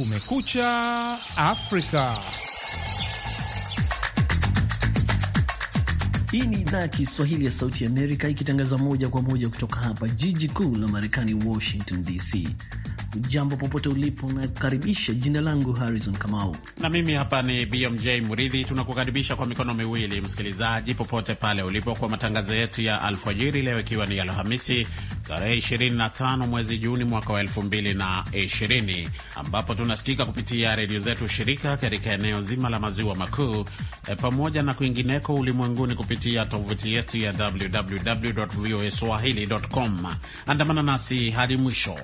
Kumekucha Afrika. Hii ni idhaa ya Kiswahili ya Sauti Amerika ikitangaza moja kwa moja kutoka hapa jiji kuu la Marekani, Washington DC. Jambo popote ulipo, nakaribisha. Jina langu Harrison Kamau na mimi hapa ni BMJ Muridhi. Tunakukaribisha kwa mikono miwili, msikilizaji, popote pale ulipo kwa matangazo yetu ya alfajiri, leo ikiwa ni Alhamisi tarehe 25 mwezi Juni mwaka wa 2020 ambapo tunasikika kupitia redio zetu shirika katika eneo zima la maziwa makuu e, pamoja na kwingineko ulimwenguni kupitia tovuti yetu ya www voa com. Andamana nasi hadi mwisho.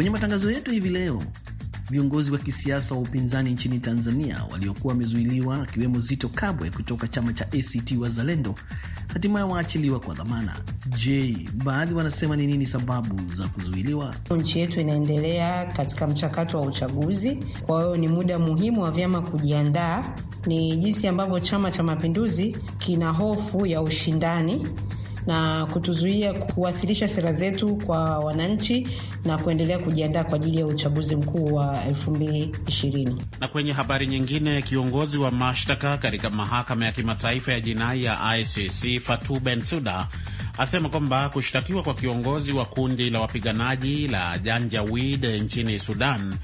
Kwenye matangazo yetu hivi leo, viongozi wa kisiasa wa upinzani nchini Tanzania waliokuwa wamezuiliwa akiwemo Zito Kabwe kutoka chama cha ACT Wazalendo hatimaye waachiliwa kwa dhamana. Je, baadhi wanasema ni nini sababu za kuzuiliwa? Nchi yetu inaendelea katika mchakato wa uchaguzi, kwa hiyo ni muda muhimu wa vyama kujiandaa. Ni jinsi ambavyo Chama cha Mapinduzi kina hofu ya ushindani na kutuzuia kuwasilisha sera zetu kwa wananchi na kuendelea kujiandaa kwa ajili ya uchaguzi mkuu wa 2020. Na kwenye habari nyingine, kiongozi wa mashtaka katika mahakama ya kimataifa ya jinai ya ICC Fatou Bensouda asema kwamba kushtakiwa kwa kiongozi wa kundi la wapiganaji la Janjaweed nchini Sudan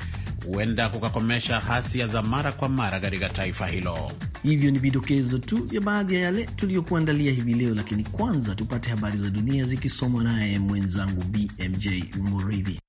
huenda kukakomesha hasia za mara kwa mara katika taifa hilo. Hivyo ni vidokezo tu vya baadhi ya yale tuliyokuandalia hivi leo, lakini kwanza tupate habari za dunia zikisomwa naye mwenzangu BMJ Muridhi.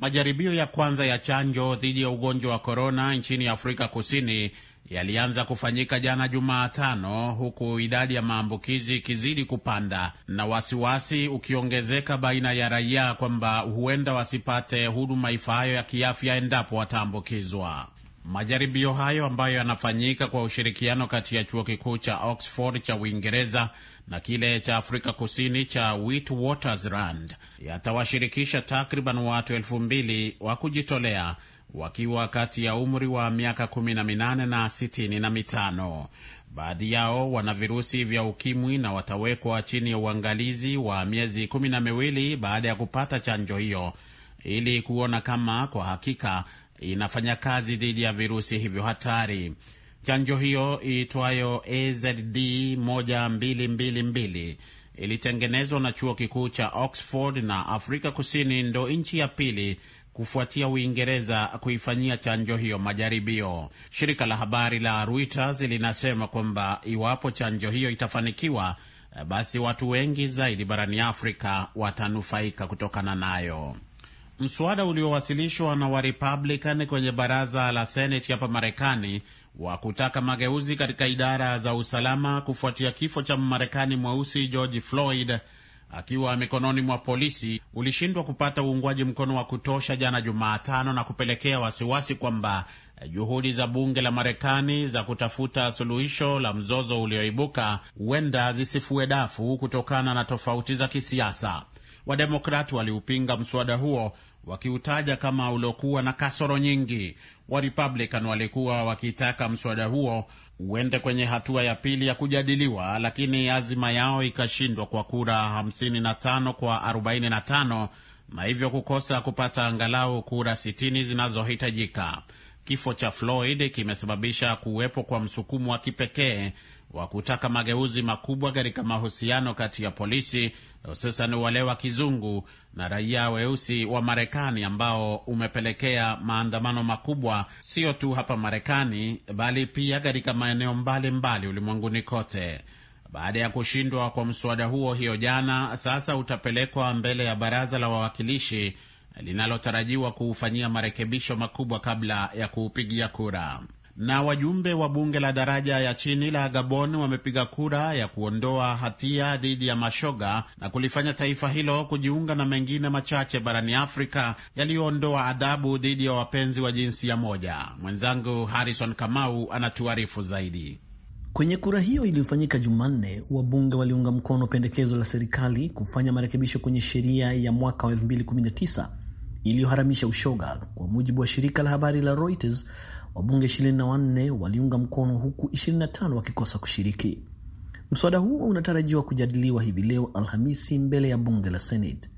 Majaribio ya kwanza ya chanjo dhidi ya ugonjwa wa korona nchini Afrika Kusini yalianza kufanyika jana Jumatano, huku idadi ya maambukizi ikizidi kupanda na wasiwasi ukiongezeka baina ya raia kwamba huenda wasipate huduma ifaayo ya kiafya endapo wataambukizwa. Majaribio hayo ambayo yanafanyika kwa ushirikiano kati ya chuo kikuu cha Oxford cha Uingereza na kile cha Afrika Kusini cha Witwatersrand yatawashirikisha takriban watu elfu mbili wa kujitolea wakiwa kati ya umri wa miaka kumi na minane na sitini na mitano. Baadhi yao wana virusi vya ukimwi na watawekwa chini ya uangalizi wa miezi kumi na miwili baada ya kupata chanjo hiyo ili kuona kama kwa hakika inafanya kazi dhidi ya virusi hivyo hatari. Chanjo hiyo iitwayo AZD 1222 ilitengenezwa na chuo kikuu cha Oxford na Afrika Kusini ndo nchi ya pili kufuatia Uingereza kuifanyia chanjo hiyo majaribio. Shirika la habari la Reuters linasema kwamba iwapo chanjo hiyo itafanikiwa, eh, basi watu wengi zaidi barani Afrika watanufaika kutokana nayo. Mswada uliowasilishwa na Warepublican kwenye baraza la Seneti hapa Marekani wa kutaka mageuzi katika idara za usalama kufuatia kifo cha Mmarekani mweusi George Floyd akiwa mikononi mwa polisi ulishindwa kupata uungwaji mkono wa kutosha jana Jumatano na kupelekea wasiwasi kwamba eh, juhudi za bunge la Marekani za kutafuta suluhisho la mzozo ulioibuka huenda zisifue dafu kutokana na tofauti za kisiasa. Wademokrati waliupinga mswada huo wakiutaja kama uliokuwa na kasoro nyingi. Warepublican walikuwa wakitaka mswada huo uende kwenye hatua ya pili ya kujadiliwa, lakini azima yao ikashindwa kwa kura 55 kwa 45 na hivyo kukosa kupata angalau kura 60 zinazohitajika. Kifo cha Floyd kimesababisha kuwepo kwa msukumo wa kipekee wa kutaka mageuzi makubwa katika mahusiano kati ya polisi hususan wale wa kizungu na raia weusi wa Marekani ambao umepelekea maandamano makubwa sio tu hapa Marekani bali pia katika maeneo mbalimbali ulimwenguni kote. Baada ya kushindwa kwa mswada huo hiyo jana, sasa utapelekwa mbele ya baraza la wawakilishi linalotarajiwa kuufanyia marekebisho makubwa kabla ya kuupigia kura. Na wajumbe wa bunge la daraja ya chini la Gabon wamepiga kura ya kuondoa hatia dhidi ya mashoga na kulifanya taifa hilo kujiunga na mengine machache barani Afrika yaliyoondoa adhabu dhidi ya wapenzi wa jinsia moja. Mwenzangu Harrison Kamau anatuarifu zaidi. Kwenye kura hiyo iliyofanyika Jumanne, wabunge waliunga mkono pendekezo la serikali kufanya marekebisho kwenye sheria ya mwaka wa 2019 iliyoharamisha ushoga, kwa mujibu wa shirika la habari la Reuters wabunge 24 waliunga mkono huku 25 wakikosa kushiriki. Mswada huo unatarajiwa kujadiliwa hivi leo Alhamisi mbele ya bunge la Senate.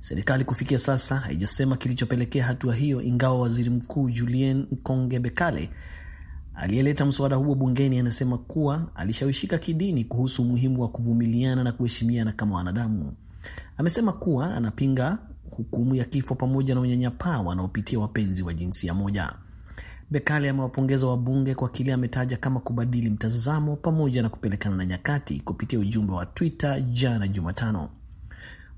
Serikali kufikia sasa haijasema kilichopelekea hatua hiyo, ingawa waziri mkuu Julien Nkonge Bekale aliyeleta mswada huo bungeni anasema kuwa alishawishika kidini kuhusu umuhimu wa kuvumiliana na kuheshimiana kama wanadamu. Amesema kuwa anapinga hukumu ya kifo pamoja na unyanyapaa wanaopitia wapenzi wa jinsia moja. Bekali amewapongeza wabunge kwa kile ametaja kama kubadili mtazamo pamoja na kupelekana na nyakati kupitia ujumbe wa Twitter jana Jumatano.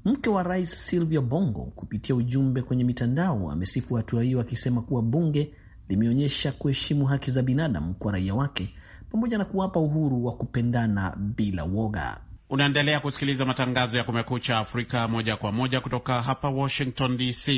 Mke wa rais Silvia Bongo kupitia ujumbe kwenye mitandao amesifu hatua hiyo akisema kuwa bunge limeonyesha kuheshimu haki za binadamu kwa raia wake pamoja na kuwapa uhuru wa kupendana bila woga. Unaendelea kusikiliza matangazo ya Kumekucha Afrika moja kwa moja kutoka hapa Washington DC.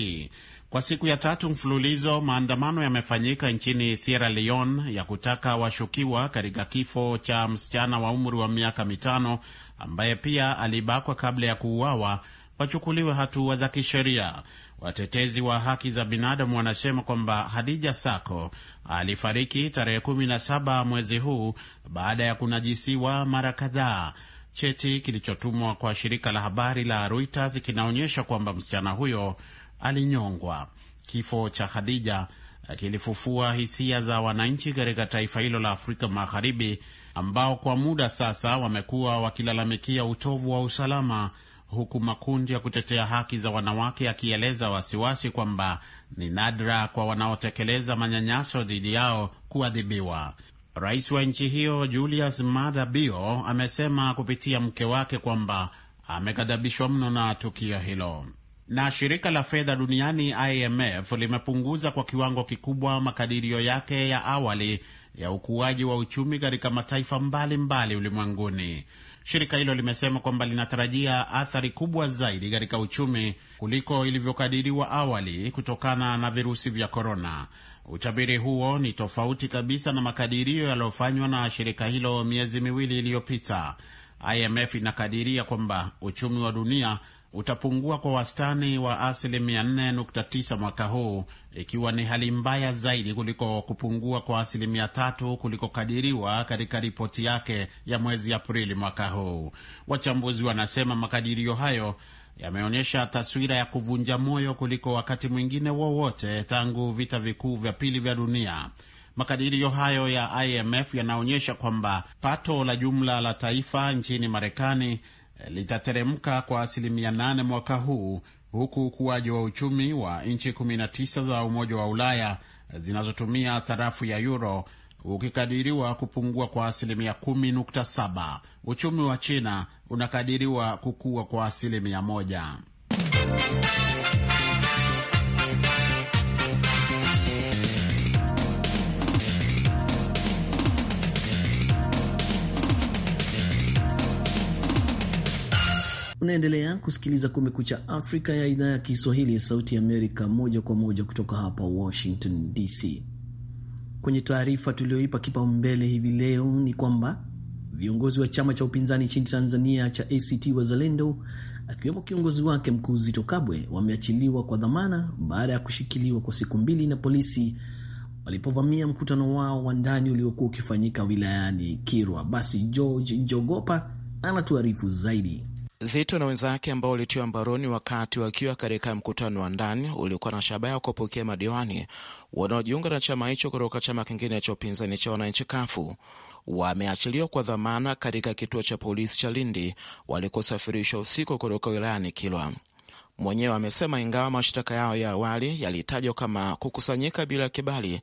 Kwa siku ya tatu mfululizo maandamano yamefanyika nchini Sierra Leone ya kutaka washukiwa katika kifo cha msichana wa umri wa miaka mitano ambaye pia alibakwa kabla ya kuuawa wachukuliwe hatua wa za kisheria. Watetezi wa haki za binadamu wanasema kwamba Hadija Sako alifariki tarehe 17 mwezi huu baada ya kunajisiwa mara kadhaa. Cheti kilichotumwa kwa shirika la habari la Reuters kinaonyesha kwamba msichana huyo alinyongwa. Kifo cha Khadija eh, kilifufua hisia za wananchi katika taifa hilo la Afrika Magharibi, ambao kwa muda sasa wamekuwa wakilalamikia utovu wa usalama, huku makundi ya kutetea haki za wanawake yakieleza wasiwasi kwamba ni nadra kwa wanaotekeleza manyanyaso dhidi yao kuadhibiwa. Rais wa nchi hiyo Julius Maada Bio amesema kupitia mke wake kwamba amegadhabishwa mno na tukio hilo. Na shirika la fedha duniani IMF limepunguza kwa kiwango kikubwa makadirio yake ya awali ya ukuaji wa uchumi katika mataifa mbalimbali ulimwenguni. Shirika hilo limesema kwamba linatarajia athari kubwa zaidi katika uchumi kuliko ilivyokadiriwa awali kutokana na virusi vya korona. Utabiri huo ni tofauti kabisa na makadirio yaliyofanywa na shirika hilo miezi miwili iliyopita. IMF inakadiria kwamba uchumi wa dunia utapungua kwa wastani wa asilimia 4.9 mwaka huu, ikiwa ni hali mbaya zaidi kuliko kupungua kwa asilimia tatu kulikokadiriwa katika ripoti yake ya mwezi Aprili mwaka huu. Wachambuzi wanasema makadirio hayo yameonyesha taswira ya kuvunja moyo kuliko wakati mwingine wowote tangu vita vikuu vya pili vya dunia. Makadirio hayo ya IMF yanaonyesha kwamba pato la jumla la taifa nchini Marekani litateremka kwa asilimia 8 mwaka huu huku ukuaji wa uchumi wa nchi 19 za Umoja wa Ulaya zinazotumia sarafu ya euro ukikadiriwa kupungua kwa asilimia 10.7. Uchumi wa China unakadiriwa kukua kwa asilimia moja. Unaendelea kusikiliza Kumekucha Afrika ya idhaa ya Kiswahili ya Sauti ya Amerika, moja kwa moja kutoka hapa Washington DC. Kwenye taarifa tuliyoipa kipaumbele hivi leo ni kwamba viongozi wa chama cha upinzani nchini Tanzania cha ACT Wazalendo, akiwemo kiongozi wake mkuu Zito Kabwe, wameachiliwa kwa dhamana baada ya kushikiliwa kwa siku mbili na polisi walipovamia mkutano wao wa ndani uliokuwa ukifanyika wilayani Kirwa. Basi George Njogopa anatuarifu zaidi. Zito na wenzake ambao walitiwa mbaroni wakati wakiwa katika mkutano wa ndani uliokuwa na shabaha ya kupokea madiwani wanaojiunga na chama hicho kutoka chama kingine cha upinzani cha wananchi kafu wameachiliwa kwa dhamana katika kituo cha polisi cha Lindi walikosafirishwa usiku kutoka wilayani Kilwa. Mwenyewe amesema ingawa mashtaka yao ya awali yalitajwa kama kukusanyika bila kibali,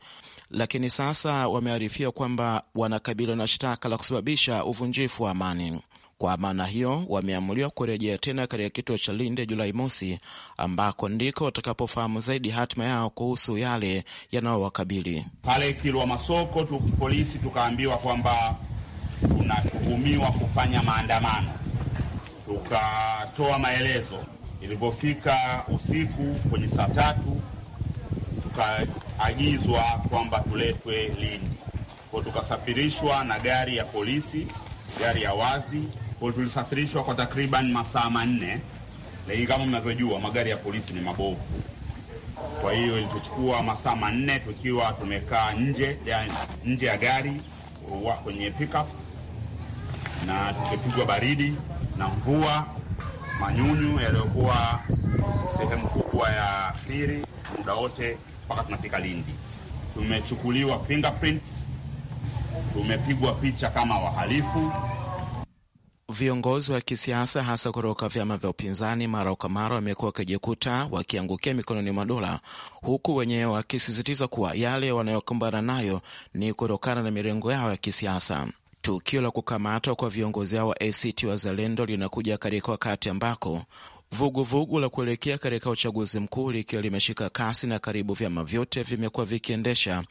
lakini sasa wamearifiwa kwamba wanakabiliwa na shtaka la kusababisha uvunjifu wa amani. Kwa maana hiyo wameamuliwa kurejea tena katika kituo cha Linde Julai mosi, ambako ndiko watakapofahamu zaidi hatima yao kuhusu yale yanayowakabili. Pale Kilwa Masoko polisi tukaambiwa kwamba tunatuhumiwa kufanya maandamano, tukatoa maelezo. Ilipofika usiku kwenye saa tatu, tukaagizwa kwamba tuletwe Lindi, kwa tukasafirishwa na gari ya polisi, gari ya wazi kwa tulisafirishwa kwa takriban masaa manne, lakini kama mnavyojua magari ya polisi ni mabovu. Kwa hiyo ilituchukua masaa manne tukiwa tumekaa nje ya, nje ya gari wa, kwenye pickup na tukipigwa baridi na mvua, manyunyu yaliyokuwa sehemu kubwa ya Firi muda wote mpaka tunafika Lindi. Tumechukuliwa fingerprints, tumepigwa picha kama wahalifu. Viongozi wa kisiasa hasa kutoka vyama vya upinzani mara kwa mara wamekuwa wakijikuta wakiangukia mikononi mwa dola, huku wenyewe wakisisitiza kuwa yale wanayokumbana nayo ni kutokana na mirengo yao ya kisiasa. Tukio la kukamatwa kwa viongozi hao wa ACT Wazalendo linakuja katika wakati ambako Vuguvugu la kuelekea katika uchaguzi mkuu likiwa limeshika kasi na karibu vyama vyote vimekuwa vikiendesha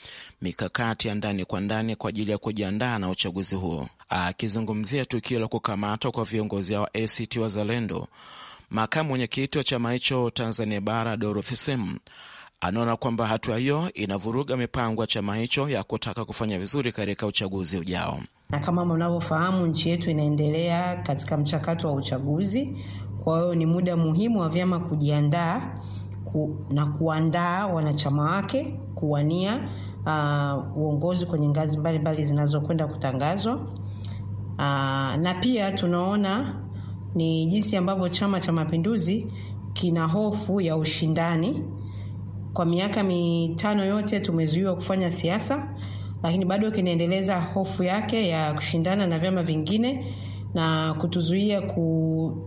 mikakati ya ndani kwa ndani kwa ajili ya kujiandaa na uchaguzi huo. Akizungumzia tukio la kukamatwa kwa viongozi act wa ACT Wazalendo, makamu mwenyekiti wa chama hicho Tanzania Bara, Dorothy Semu, anaona kwamba hatua hiyo inavuruga mipango ya chama hicho ya kutaka kufanya vizuri katika uchaguzi ujao. Na kama mnavyofahamu, nchi yetu inaendelea katika mchakato wa uchaguzi. Kwa hiyo ni muda muhimu wa vyama kujiandaa ku, na kuandaa wanachama wake kuwania uh, uongozi kwenye ngazi mbalimbali zinazokwenda kutangazwa. Uh, na pia tunaona ni jinsi ambavyo Chama cha Mapinduzi kina hofu ya ushindani. Kwa miaka mitano yote tumezuiwa kufanya siasa, lakini bado kinaendeleza hofu yake ya kushindana na vyama vingine na kutuzuia ku,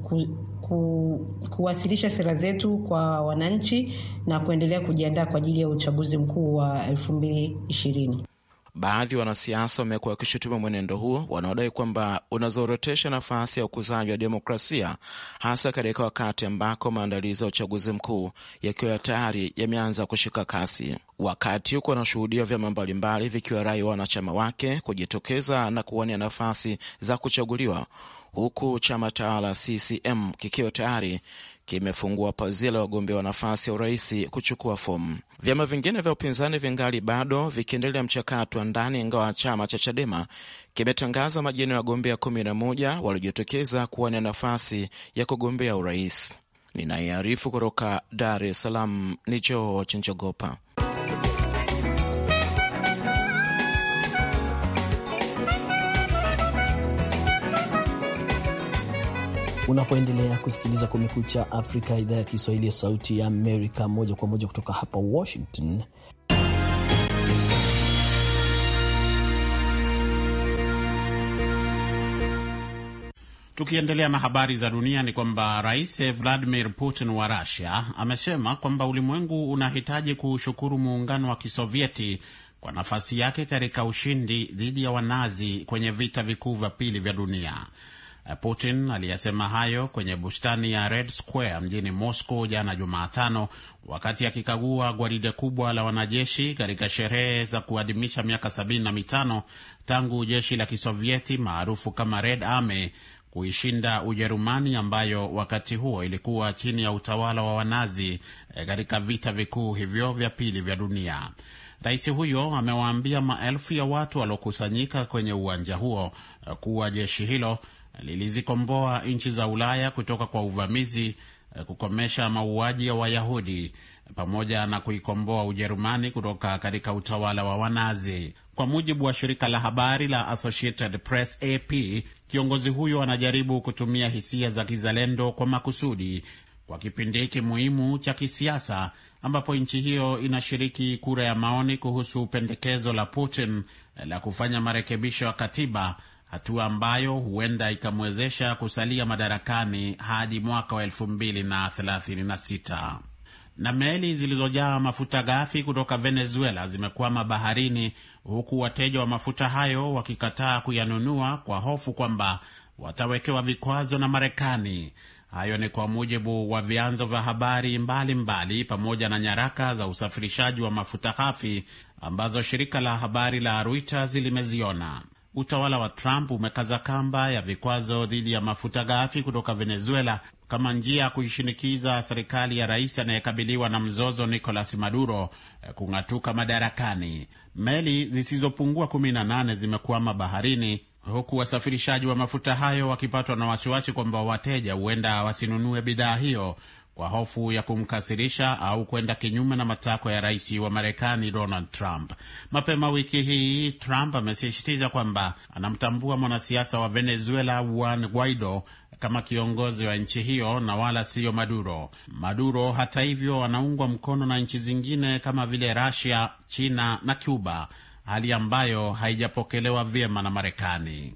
ku, ku, kuwasilisha sera zetu kwa wananchi na kuendelea kujiandaa kwa ajili ya uchaguzi mkuu wa 2020. Baadhi ya wanasiasa wamekuwa wakishutuma mwenendo huo, wanaodai kwamba unazorotesha nafasi ya ukuzaji wa demokrasia, hasa katika wakati ambako maandalizi ya uchaguzi mkuu yakiwa tayari yameanza kushika kasi, wakati huko wanashuhudia vyama mbalimbali vikiwa rai wa wanachama wake kujitokeza na kuwania nafasi za kuchaguliwa huku chama tawala CCM kikiwa tayari kimefungua pazia la wagombea wa nafasi ya urais kuchukua fomu. Vyama vingine vya upinzani vingali bado vikiendelea mchakato wa ndani, ingawa chama cha Chadema kimetangaza majina ya wagombea kumi na moja waliojitokeza kuwania nafasi ya kugombea urais. Ninayearifu kutoka Dar es Salaam ni Joo chinjogopa unapoendelea kusikiliza Kumekucha Afrika, idhaa ya Kiswahili ya Sauti ya Amerika, moja kwa moja kutoka hapa Washington. Tukiendelea na habari za dunia ni kwamba Rais Vladimir Putin wa Russia amesema kwamba ulimwengu unahitaji kuushukuru muungano wa Kisovieti kwa nafasi yake katika ushindi dhidi ya Wanazi kwenye vita vikuu vya pili vya dunia. Eh, Putin aliyasema hayo kwenye bustani ya Red Square mjini Moscow jana Jumatano, wakati akikagua gwaride kubwa la wanajeshi katika sherehe za kuadhimisha miaka sabini na mitano tangu jeshi la Kisovieti maarufu kama Red Army kuishinda Ujerumani ambayo wakati huo ilikuwa chini ya utawala wa Wanazi eh, katika vita vikuu hivyo vya pili vya dunia. Rais huyo amewaambia maelfu ya watu waliokusanyika kwenye uwanja huo eh, kuwa jeshi hilo lilizikomboa nchi za Ulaya kutoka kwa uvamizi, eh, kukomesha mauaji ya Wayahudi pamoja na kuikomboa Ujerumani kutoka katika utawala wa Wanazi. Kwa mujibu wa shirika la habari la Associated Press AP, kiongozi huyo anajaribu kutumia hisia za kizalendo kwa makusudi kwa kipindi hiki muhimu cha kisiasa ambapo nchi hiyo inashiriki kura ya maoni kuhusu pendekezo la Putin eh, la kufanya marekebisho ya katiba hatua ambayo huenda ikamwezesha kusalia madarakani hadi mwaka wa elfu mbili na thelathini na sita. Na meli zilizojaa mafuta ghafi kutoka Venezuela zimekwama baharini, huku wateja wa mafuta hayo wakikataa kuyanunua kwa hofu kwamba watawekewa vikwazo na Marekani. Hayo ni kwa mujibu wa vyanzo vya habari mbalimbali pamoja na nyaraka za usafirishaji wa mafuta ghafi ambazo shirika la habari la Reuters limeziona utawala wa Trump umekaza kamba ya vikwazo dhidi ya mafuta ghafi kutoka Venezuela kama njia ya kuishinikiza serikali ya rais anayekabiliwa na mzozo Nicolas Maduro eh, kung'atuka madarakani. Meli zisizopungua kumi na nane zimekwama baharini huku wasafirishaji wa mafuta hayo wakipatwa na wasiwasi kwamba wateja huenda wasinunue bidhaa hiyo kwa hofu ya kumkasirisha au kwenda kinyume na matakwa ya rais wa Marekani Donald Trump. Mapema wiki hii, Trump amesisitiza kwamba anamtambua mwanasiasa wa Venezuela Juan Guaido kama kiongozi wa nchi hiyo na wala siyo Maduro. Maduro hata hivyo anaungwa mkono na nchi zingine kama vile rasia China na Cuba, hali ambayo haijapokelewa vyema na Marekani.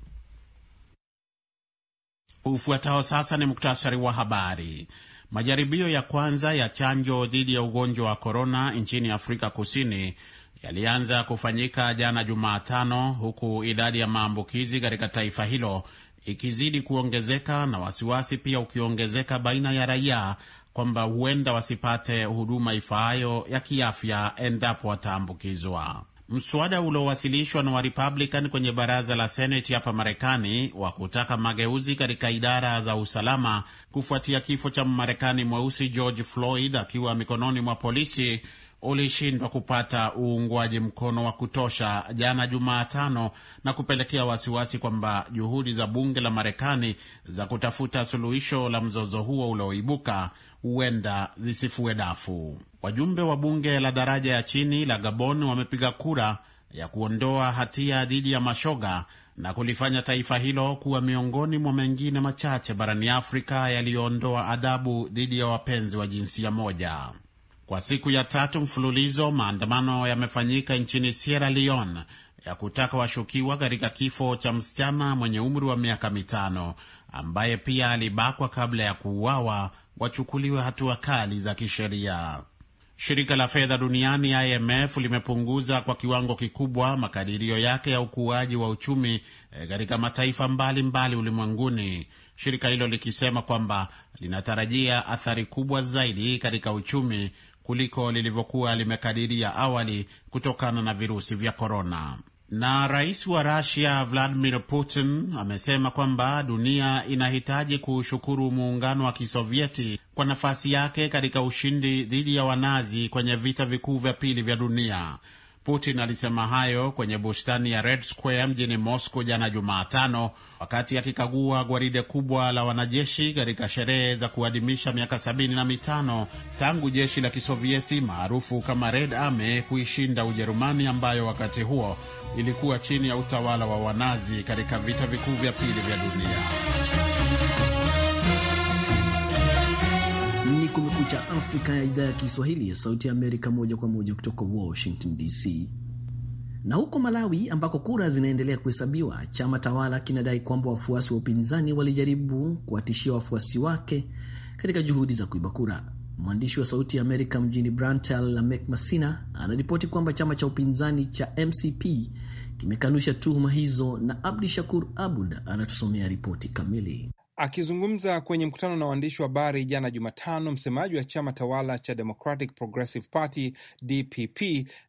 Ufuatao sasa ni muktasari wa habari. Majaribio ya kwanza ya chanjo dhidi ya ugonjwa wa korona nchini Afrika Kusini yalianza kufanyika jana Jumatano, huku idadi ya maambukizi katika taifa hilo ikizidi kuongezeka na wasiwasi pia ukiongezeka baina ya raia kwamba huenda wasipate huduma ifaayo ya kiafya endapo wataambukizwa. Mswada uliowasilishwa na Warepublican kwenye baraza la Seneti hapa Marekani wa kutaka mageuzi katika idara za usalama kufuatia kifo cha Mmarekani mweusi George Floyd akiwa mikononi mwa polisi ulishindwa kupata uungwaji mkono wa kutosha jana Jumatano, na kupelekea wasiwasi kwamba juhudi za bunge la Marekani za kutafuta suluhisho la mzozo huo ulioibuka huenda zisifue dafu. Wajumbe wa bunge la daraja ya chini la Gabon wamepiga kura ya kuondoa hatia dhidi ya mashoga na kulifanya taifa hilo kuwa miongoni mwa mengine machache barani Afrika yaliyoondoa adhabu dhidi ya wapenzi wa jinsia moja. Kwa siku ya tatu mfululizo, maandamano yamefanyika nchini Sierra Leone ya kutaka washukiwa katika kifo cha msichana mwenye umri wa miaka mitano ambaye pia alibakwa kabla ya kuuawa wachukuliwe hatua kali za kisheria. Shirika la fedha duniani IMF limepunguza kwa kiwango kikubwa makadirio yake ya ukuaji wa uchumi eh, katika mataifa mbalimbali ulimwenguni, shirika hilo likisema kwamba linatarajia athari kubwa zaidi katika uchumi kuliko lilivyokuwa limekadiria awali kutokana na virusi vya korona. Na rais wa Rusia Vladimir Putin amesema kwamba dunia inahitaji kuushukuru muungano wa Kisovieti kwa nafasi yake katika ushindi dhidi ya Wanazi kwenye vita vikuu vya pili vya dunia. Putin alisema hayo kwenye bustani ya Red Square mjini Moscow jana Jumatano, wakati akikagua gwaride kubwa la wanajeshi katika sherehe za kuadhimisha miaka 75 tangu jeshi la Kisovieti maarufu kama Red Army kuishinda Ujerumani ambayo wakati huo ilikuwa chini ya utawala wa Wanazi katika vita vikuu vya pili vya dunia. Ni Kumekucha Afrika ya idhaa ya Kiswahili ya Sauti ya Amerika, moja kwa moja kutoka Washington DC. Na huko Malawi ambako kura zinaendelea kuhesabiwa, chama tawala kinadai kwamba wafuasi wa upinzani walijaribu kuwatishia wafuasi wake katika juhudi za kuiba kura. Mwandishi wa Sauti ya Amerika mjini Brantel, Mek Masina, anaripoti kwamba chama cha upinzani cha MCP kimekanusha tuhuma hizo, na Abdi Shakur Abud anatusomea ripoti kamili. Akizungumza kwenye mkutano na waandishi wa habari jana Jumatano, msemaji wa chama tawala cha Democratic Progressive Party DPP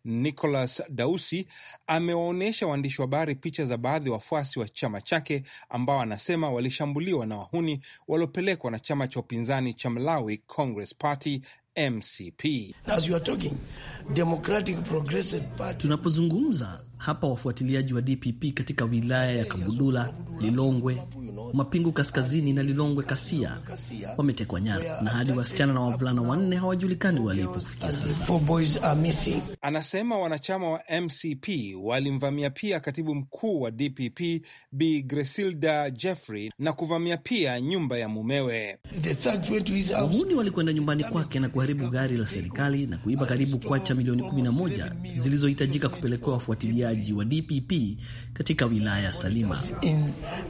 Nicholas Dausi amewaonyesha waandishi wa habari picha za baadhi ya wafuasi wa chama chake ambao anasema walishambuliwa na wahuni waliopelekwa na chama cha upinzani cha Malawi Congress Party MCP. Tunapozungumza hapa wafuatiliaji wa DPP katika wilaya ya Kabudula, Lilongwe, Mapingu kaskazini na Lilongwe Kasia wametekwa nyara na hadi wasichana na wavulana wanne hawajulikani walipo Anasema wanachama wa MCP walimvamia pia katibu mkuu wa DPP Bi Gresilda Jeffrey na kuvamia pia nyumba ya mumewe. Wahuni walikwenda nyumbani kwake na kuharibu gari la serikali na kuiba karibu kwacha milioni 11 zilizohitajika kupelekewa wafuatiliaji ufuatiliaji wa DPP katika wilaya ya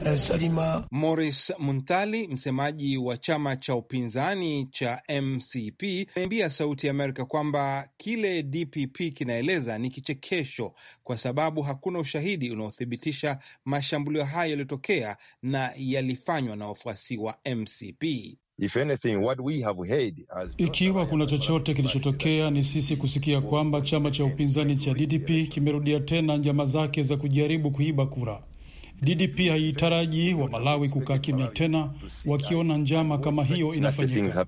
eh, Salima. Morris Muntali, msemaji wa chama cha upinzani cha MCP, ameambia Sauti ya Amerika kwamba kile DPP kinaeleza ni kichekesho kwa sababu hakuna ushahidi unaothibitisha mashambulio hayo yaliyotokea na yalifanywa na wafuasi wa MCP. If anything, what we have heard as... ikiwa kuna chochote kilichotokea ni sisi kusikia kwamba chama cha upinzani cha DDP kimerudia tena njama zake za kujaribu kuiba kura. DDP haitaraji wa Malawi kukaa kimya tena wakiona njama kama hiyo inafanyika.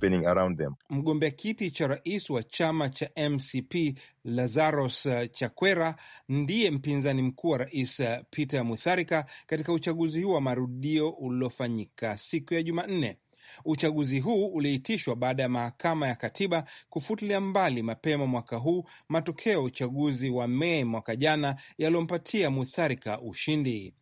Mgombea kiti cha rais wa chama cha MCP lazaros uh, Chakwera ndiye mpinzani mkuu wa rais uh, Peter Mutharika katika uchaguzi huu wa marudio uliofanyika siku ya Jumanne. Uchaguzi huu uliitishwa baada ya mahakama ya katiba kufutilia mbali mapema mwaka huu matokeo ya uchaguzi wa Mei mwaka jana yaliyompatia Mutharika ushindi.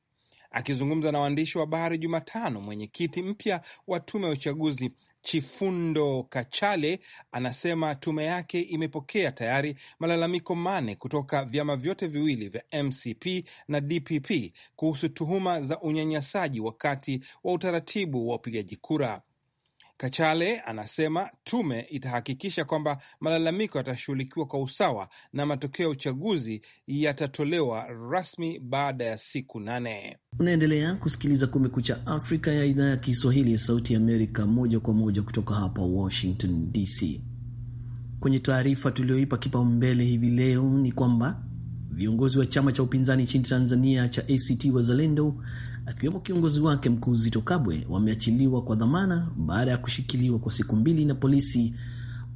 Akizungumza na waandishi wa habari Jumatano, mwenyekiti mpya wa tume ya uchaguzi Chifundo Kachale anasema tume yake imepokea tayari malalamiko mane kutoka vyama vyote viwili vya MCP na DPP kuhusu tuhuma za unyanyasaji wakati wa utaratibu wa upigaji kura. Kachale anasema tume itahakikisha kwamba malalamiko yatashughulikiwa kwa usawa na matokeo ya uchaguzi yatatolewa rasmi baada ya siku nane. Unaendelea kusikiliza Kumekucha Afrika ya idhaa ya Kiswahili ya Sauti Amerika, moja kwa moja kutoka hapa Washington DC. Kwenye taarifa tuliyoipa kipaumbele hivi leo ni kwamba viongozi wa chama cha upinzani nchini Tanzania cha ACT Wazalendo akiwemo kiongozi wake mkuu Zito Kabwe wameachiliwa kwa dhamana baada ya kushikiliwa kwa siku mbili na polisi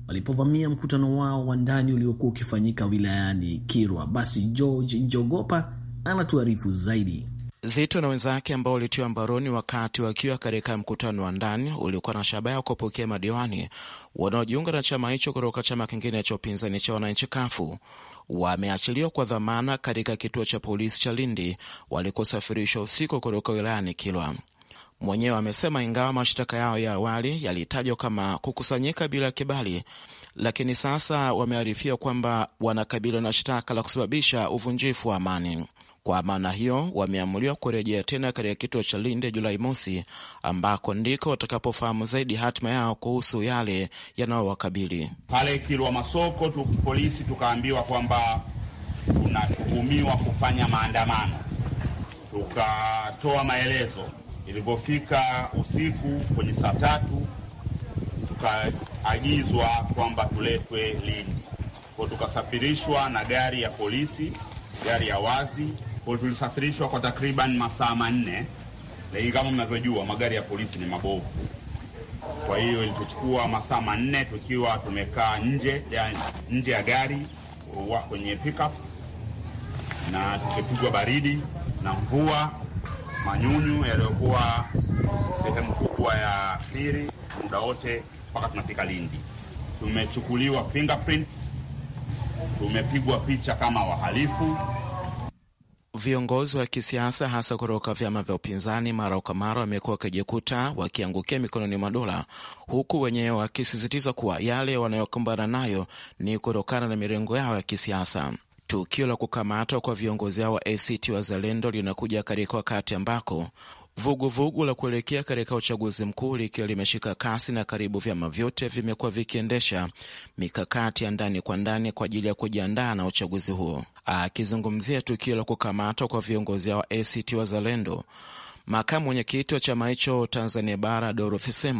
walipovamia mkutano wao wa ndani uliokuwa ukifanyika wilayani Kirwa. Basi George Njogopa anatuarifu zaidi. Zito na wenzake ambao walitiwa mbaroni wakati wakiwa katika mkutano wa ndani uliokuwa na shabaha ya kupokea madiwani wanaojiunga na chama hicho kutoka chama kingine cha upinzani cha wananchi Kafu wameachiliwa kwa dhamana katika kituo cha polisi cha Lindi walikosafirishwa usiku kutoka wilayani Kilwa. Mwenyewe amesema ingawa mashtaka yao ya awali yalitajwa kama kukusanyika bila kibali, lakini sasa wamearifiwa kwamba wanakabiliwa na shtaka la kusababisha uvunjifu wa amani. Kwa maana hiyo wameamuliwa kurejea tena katika kituo cha Linde Julai mosi, ambako ndiko watakapofahamu zaidi hatima yao kuhusu yale yanayowakabili. Pale Kilwa Masoko tu polisi tukaambiwa kwamba tunatuhumiwa kufanya maandamano, tukatoa maelezo. Ilivyofika usiku kwenye saa tatu, tukaagizwa kwamba tuletwe Lindi, kwa tukasafirishwa na gari ya polisi, gari ya wazi kwa tulisafirishwa kwa takriban masaa manne, lakini kama mnavyojua magari ya polisi ni mabovu. Kwa hiyo ilituchukua masaa manne tukiwa tumekaa nje ya nje ya gari wa kwenye pickup na tukipigwa baridi na mvua, manyunyu yaliyokuwa sehemu kubwa ya Firi muda wote mpaka tunafika Lindi. Tumechukuliwa fingerprints, tumepigwa picha kama wahalifu. Viongozi wa kisiasa hasa kutoka vyama vya upinzani mara kwa mara wamekuwa wakijikuta wakiangukia mikononi mwa dola, huku wenyewe wakisisitiza kuwa yale wanayokumbana nayo ni kutokana na mirengo yao ya kisiasa. Tukio la kukamatwa kwa viongozi hao wa ACT Wazalendo linakuja katika wakati ambako vuguvugu vugu la kuelekea katika uchaguzi mkuu likiwa limeshika kasi na karibu vyama vyote vimekuwa vikiendesha mikakati ya ndani kwa ndani kwa ajili ya kujiandaa na uchaguzi huo. Akizungumzia tukio la kukamatwa kwa viongozi wa ACT Wazalendo, makamu mwenyekiti wa chama hicho Tanzania Bara, Dorothy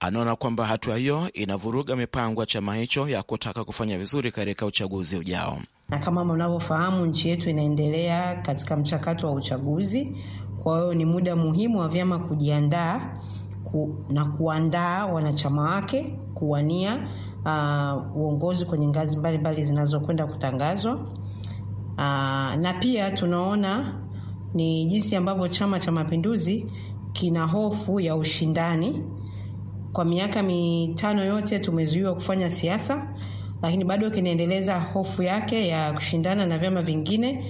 anaona kwamba hatua hiyo inavuruga mipango ya chama hicho ya kutaka kufanya vizuri katika uchaguzi ujao. Na kama mnavyofahamu, nchi yetu inaendelea katika mchakato wa uchaguzi, kwa hiyo ni muda muhimu wa vyama kujiandaa ku, na kuandaa wanachama wake kuwania uh, uongozi kwenye ngazi mbalimbali zinazokwenda kutangazwa. Ah, na pia tunaona ni jinsi ambavyo Chama cha Mapinduzi kina hofu ya ushindani. Kwa miaka mitano yote tumezuiwa kufanya siasa, lakini bado kinaendeleza hofu yake ya kushindana na vyama vingine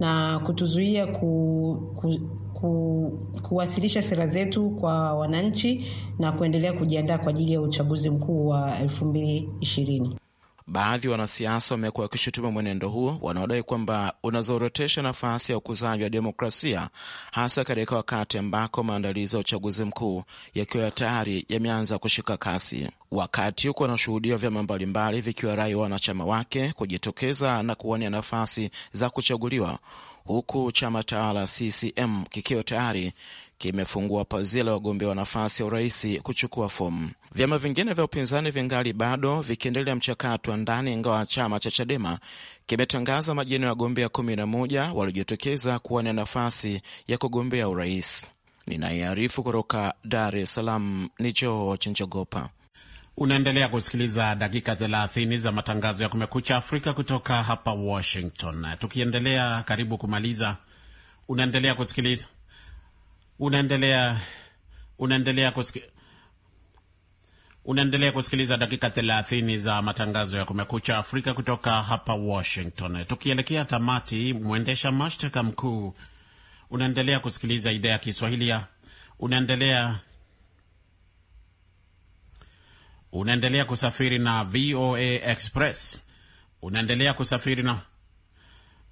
na kutuzuia ku, ku, ku, kuwasilisha sera zetu kwa wananchi na kuendelea kujiandaa kwa ajili ya uchaguzi mkuu wa 2020. Baadhi ya wanasiasa wamekuwa wakishutuma mwenendo huo, wanaodai kwamba unazorotesha nafasi ya ukuzaji wa demokrasia, hasa katika wakati ambako maandalizi ya uchaguzi mkuu yakiwa ya tayari yameanza kushika kasi, wakati huko wanashuhudia vyama mbalimbali wa wanachama wake kujitokeza na kuwania nafasi za kuchaguliwa huku chama tawala CCM kikiwa tayari kimefungua pazia la wagombea wa nafasi ya urais kuchukua fomu. Vyama vingine vya upinzani vingali bado vikiendelea mchakato wa ndani, ingawa chama cha Chadema kimetangaza majina ya wagombea kumi na moja waliojitokeza kuwania nafasi ya kugombea urais. Ninayearifu kutoka Dar es Salaam ni Joo Chinjogopa. Unaendelea kusikiliza dakika 30 za matangazo ya Kumekucha Afrika kutoka hapa Washington. Tukiendelea karibu kumaliza, unaendelea kusikiliza, unaendelea unaendelea kusikiliza unaendelea kusikiliza dakika 30 za matangazo ya Kumekucha Afrika kutoka hapa Washington. Tukielekea tamati, mwendesha mashtaka mkuu, unaendelea kusikiliza idhaa ya Kiswahili ya unaendelea Unaendelea kusafiri na VOA Express. Unaendelea kusafiri na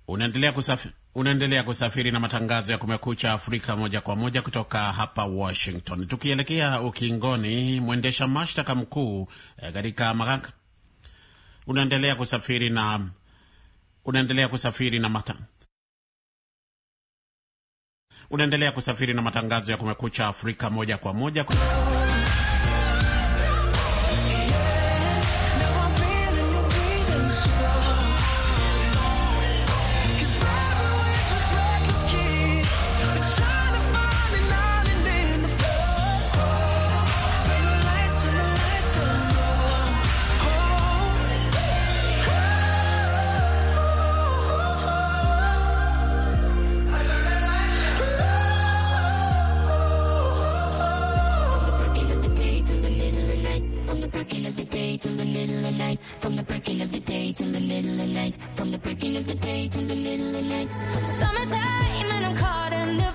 unaendelea kusafiri unaendelea kusafiri na matangazo ya Kumekucha Afrika moja kwa moja kutoka hapa Washington. Tukielekea ukingoni, mwendesha mashtaka mkuu katika eh, mahakama unaendelea kusafiri na unaendelea kusafiri na mata unaendelea kusafiri na matangazo ya Kumekucha Afrika moja kwa moja kutoka breaking of the day till the middle of night. From the breaking of the day till the middle of night. Summertime and I'm caught in the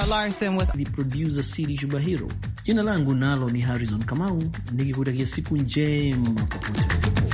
Sara Larson with... the producer Siri shubahiro Jina langu nalo ni Harrison Kamau nikikutakia siku njema popote